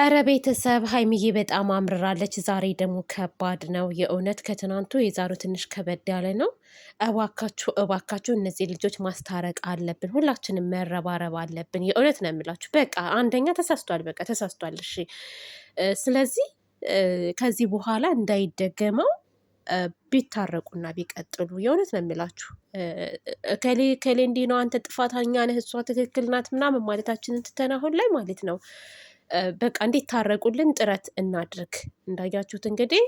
እረ ቤተሰብ ሀይሚዬ በጣም አምርራለች። ዛሬ ደግሞ ከባድ ነው የእውነት ከትናንቱ የዛሬው ትንሽ ከበድ ያለ ነው። እባካችሁ እባካችሁ እነዚህ ልጆች ማስታረቅ አለብን፣ ሁላችንም መረባረብ አለብን። የእውነት ነው የምላችሁ። በቃ አንደኛ ተሳስቷል፣ በቃ ተሳስቷል። እሺ፣ ስለዚህ ከዚህ በኋላ እንዳይደገመው ቢታረቁና ቢቀጥሉ የእውነት ነው የሚላችሁ። ከሌ ከሌ እንዲህ ነው አንተ ጥፋተኛ ነህ፣ እሷ ትክክል ናት ምናምን ማለታችንን ትተን አሁን ላይ ማለት ነው በቃ እንዲታረቁልን ጥረት እናድርግ። እንዳያችሁት እንግዲህ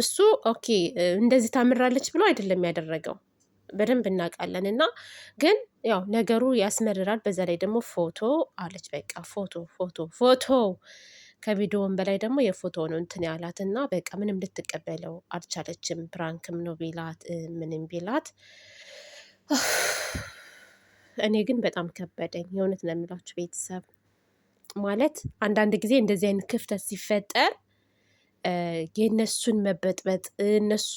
እሱ ኦኬ እንደዚህ ታምራለች ብሎ አይደለም ያደረገው በደንብ እናውቃለን። እና ግን ያው ነገሩ ያስመርራል። በዛ ላይ ደግሞ ፎቶ አለች። በቃ ፎቶ ፎቶ ፎቶ ከቪዲዮን በላይ ደግሞ የፎቶ ነው እንትን ያላት እና በቃ ምንም ልትቀበለው አልቻለችም። ፕራንክም ነው ቢላት ምንም ቢላት፣ እኔ ግን በጣም ከበደኝ። የእውነት ነው የሚሏችሁ ቤተሰብ ማለት አንዳንድ ጊዜ እንደዚህ አይነት ክፍተት ሲፈጠር የእነሱን መበጥበጥ እነሱ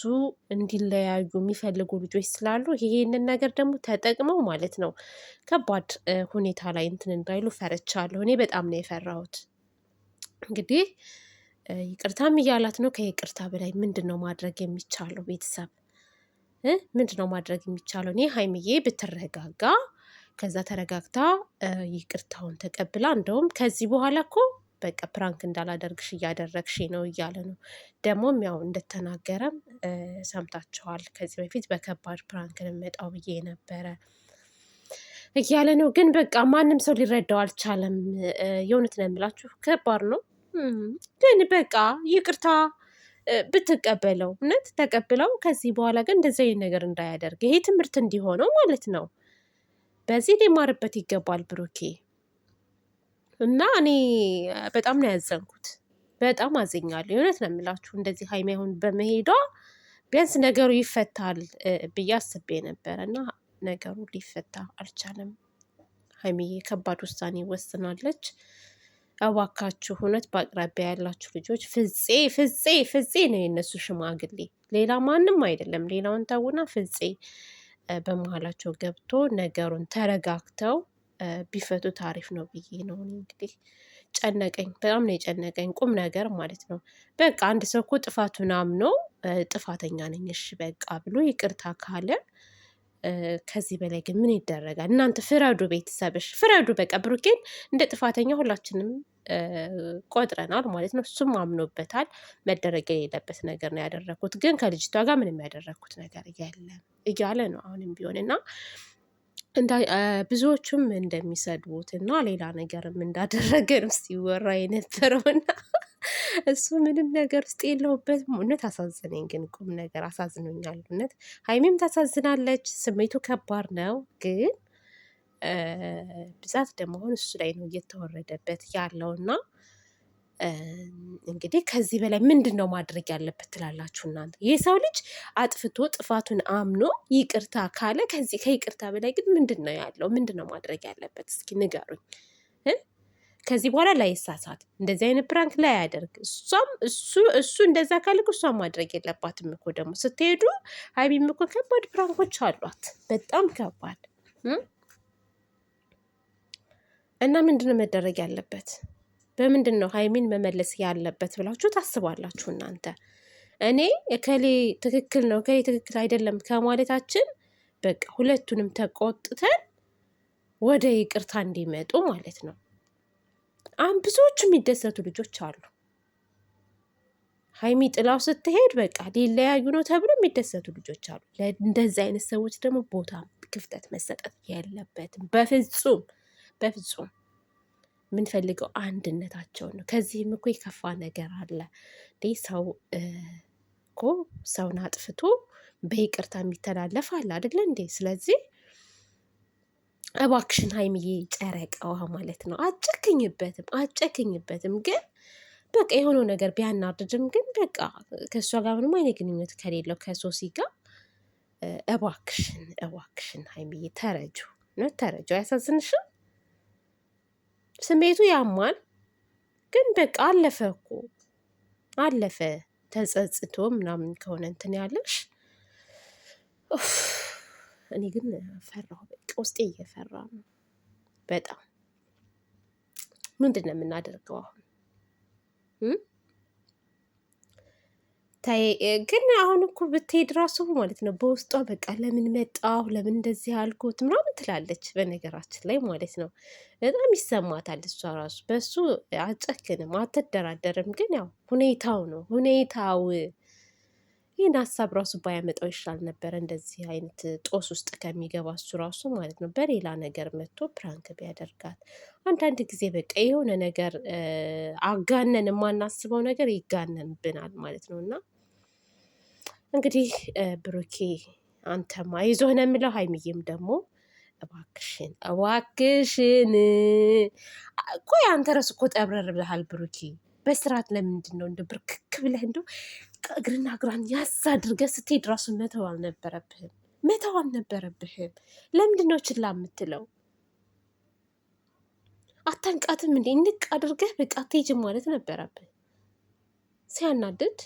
እንዲለያዩ የሚፈልጉ ልጆች ስላሉ ይሄንን ነገር ደግሞ ተጠቅመው ማለት ነው ከባድ ሁኔታ ላይ እንትን እንዳይሉ ፈርቻለሁ። እኔ በጣም ነው የፈራሁት። እንግዲህ ይቅርታም እያላት ነው። ከይቅርታ በላይ ምንድን ነው ማድረግ የሚቻለው? ቤተሰብ ምንድን ነው ማድረግ የሚቻለው? እኔ ሀይምዬ ብትረጋጋ ከዛ ተረጋግታ ይቅርታውን ተቀብላ እንደውም ከዚህ በኋላ እኮ በቃ ፕራንክ እንዳላደርግሽ እያደረግሽ ነው እያለ ነው። ደግሞም ያው እንደተናገረም ሰምታችኋል። ከዚህ በፊት በከባድ ፕራንክ ልመጣው ብዬ ነበረ እያለ ነው። ግን በቃ ማንም ሰው ሊረዳው አልቻለም። የእውነት ነው የምላችሁ ከባድ ነው። ግን በቃ ይቅርታ ብትቀበለው እውነት ተቀብለው ከዚህ በኋላ ግን እንደዚህ ነገር እንዳያደርግ ይሄ ትምህርት እንዲሆነው ማለት ነው። በዚህ ሊማርበት ይገባል ብሩኬ። እና እኔ በጣም ነው ያዘንኩት፣ በጣም አዝኛለሁ። የእውነት ነው የምላችሁ እንደዚህ ሀይሚ አሁን በመሄዷ ቢያንስ ነገሩ ይፈታል ብዬ አስቤ ነበረ እና ነገሩ ሊፈታ አልቻለም። ሀይሚዬ ከባድ ውሳኔ ወስናለች። እባካችሁ እውነት በአቅራቢያ ያላችሁ ልጆች ፍፄ ፍፄ ፍፄ ነው የነሱ ሽማግሌ፣ ሌላ ማንም አይደለም። ሌላውን ተውና ፍፄ በመሃላቸው ገብቶ ነገሩን ተረጋግተው ቢፈቱት አሪፍ ነው ብዬ ነው እንግዲህ። ጨነቀኝ፣ በጣም ነው የጨነቀኝ ቁም ነገር ማለት ነው። በቃ አንድ ሰው እኮ ጥፋቱን አምኖ ጥፋተኛ ነኝ እሺ በቃ ብሎ ይቅርታ ካለ ከዚህ በላይ ግን ምን ይደረጋል? እናንተ ፍረዱ፣ ቤተሰብሽ ፍረዱ። በቃ ብሩኬን እንደ ጥፋተኛ ሁላችንም ቆጥረናል ማለት ነው። እሱም አምኖበታል። መደረግ የሌለበት ነገር ነው ያደረግኩት፣ ግን ከልጅቷ ጋር ምንም ያደረግኩት ነገር የለም እያለ ነው አሁንም ቢሆን እና ብዙዎቹም እንደሚሰድቡት እና ሌላ ነገርም እንዳደረገን ሲወራ የነበረውና እሱ ምንም ነገር ውስጥ የለውበት። እውነት አሳዝነኝ፣ ግን ቁም ነገር አሳዝኖኛል። እውነት ሀይሜም ታሳዝናለች። ስሜቱ ከባድ ነው፣ ግን ብዛት ደግሞ አሁን እሱ ላይ ነው እየተወረደበት ያለውና እንግዲህ ከዚህ በላይ ምንድን ነው ማድረግ ያለበት ትላላችሁ እናንተ? የሰው ልጅ አጥፍቶ ጥፋቱን አምኖ ይቅርታ ካለ ከዚህ ከይቅርታ በላይ ግን ምንድን ነው ያለው? ምንድን ነው ማድረግ ያለበት? እስኪ ንገሩኝ። ከዚህ በኋላ ላይሳሳት፣ እንደዚህ አይነት ፕራንክ ላይ ያደርግ። እሷም እሱ እሱ እንደዛ ካልክ እሷም ማድረግ የለባትም እኮ ደግሞ ስትሄዱ። ሀይሚም እኮ ከባድ ፕራንኮች አሏት፣ በጣም ከባድ እና ምንድን ነው መደረግ ያለበት? በምንድን ነው ሀይሚን መመለስ ያለበት ብላችሁ ታስባላችሁ እናንተ? እኔ እከሌ ትክክል ነው እከሌ ትክክል አይደለም ከማለታችን በቃ ሁለቱንም ተቆጥተን ወደ ይቅርታ እንዲመጡ ማለት ነው። ብዙዎቹ የሚደሰቱ ልጆች አሉ። ሀይሚ ጥላው ስትሄድ በቃ ሊለያዩ ነው ተብሎ የሚደሰቱ ልጆች አሉ። እንደዚህ አይነት ሰዎች ደግሞ ቦታ ክፍተት መሰጠት የለበትም። በፍጹም በፍጹም። የምንፈልገው አንድነታቸውን ነው። ከዚህም እኮ የከፋ ነገር አለ። ሰው እኮ ሰውን አጥፍቶ በይቅርታ የሚተላለፍ አለ አይደለ እንዴ? ስለዚህ እባክሽን ሀይምዬ ጨረቃዋ ማለት ነው። አጨክኝበትም አጨክኝበትም ግን በቃ የሆነው ነገር ቢያናድድም ግን በቃ ከእሷ ጋር ምንም አይነት ግንኙነት ከሌለው ከሶሲ ጋር እባክሽን እባክሽን ሀይምዬ ተረጁ ነው ተረጁ። አያሳዝንሽም? ስሜቱ ያማል፣ ግን በቃ አለፈ እኮ አለፈ። ተጸጽቶ ምናምን ከሆነ እንትን ያለሽ እኔ ግን ፈራሁ። በቃ ውስጤ እየፈራ ነው በጣም። ምንድን ነው የምናደርገው አሁን? ግን አሁን እኮ ብትሄድ ራሱ ማለት ነው በውስጧ በቃ ለምን መጣሁ፣ ለምን እንደዚህ አልኩት ምናምን ትላለች። በነገራችን ላይ ማለት ነው በጣም ይሰማታል። እሷ ራሱ በሱ አጨክንም አትደራደርም። ግን ያው ሁኔታው ነው ሁኔታው ይህን ሀሳብ ራሱ ባያመጣው ይሻል ነበረ። እንደዚህ አይነት ጦስ ውስጥ ከሚገባ እሱ ራሱ ማለት ነው በሌላ ነገር መጥቶ ፕራንክ ቢያደርጋት። አንዳንድ ጊዜ በቃ የሆነ ነገር አጋነን የማናስበው ነገር ይጋነንብናል ማለት ነው እና እንግዲህ ብሩኬ አንተማ አይዞህ ነው የምለው። ሀይሚዬም ደግሞ እባክሽን እባክሽን፣ ቆይ አንተ ረሱ እኮ ጠብረር ብለሃል ብሩኬ። በስርዓት ለምንድን ነው እንደ ብርክክ ብለህ እንደ በቃ እግርና እግሯን ያዝ አድርገህ ስትሄድ ራሱ መተው አልነበረብህም፣ መተው አልነበረብህም። ለምንድን ነው ችላ የምትለው? አታንቃትም እንዴ? ንቅ አድርገህ በቃ አትሄጂም ማለት ነበረብህ። ሲያናድድ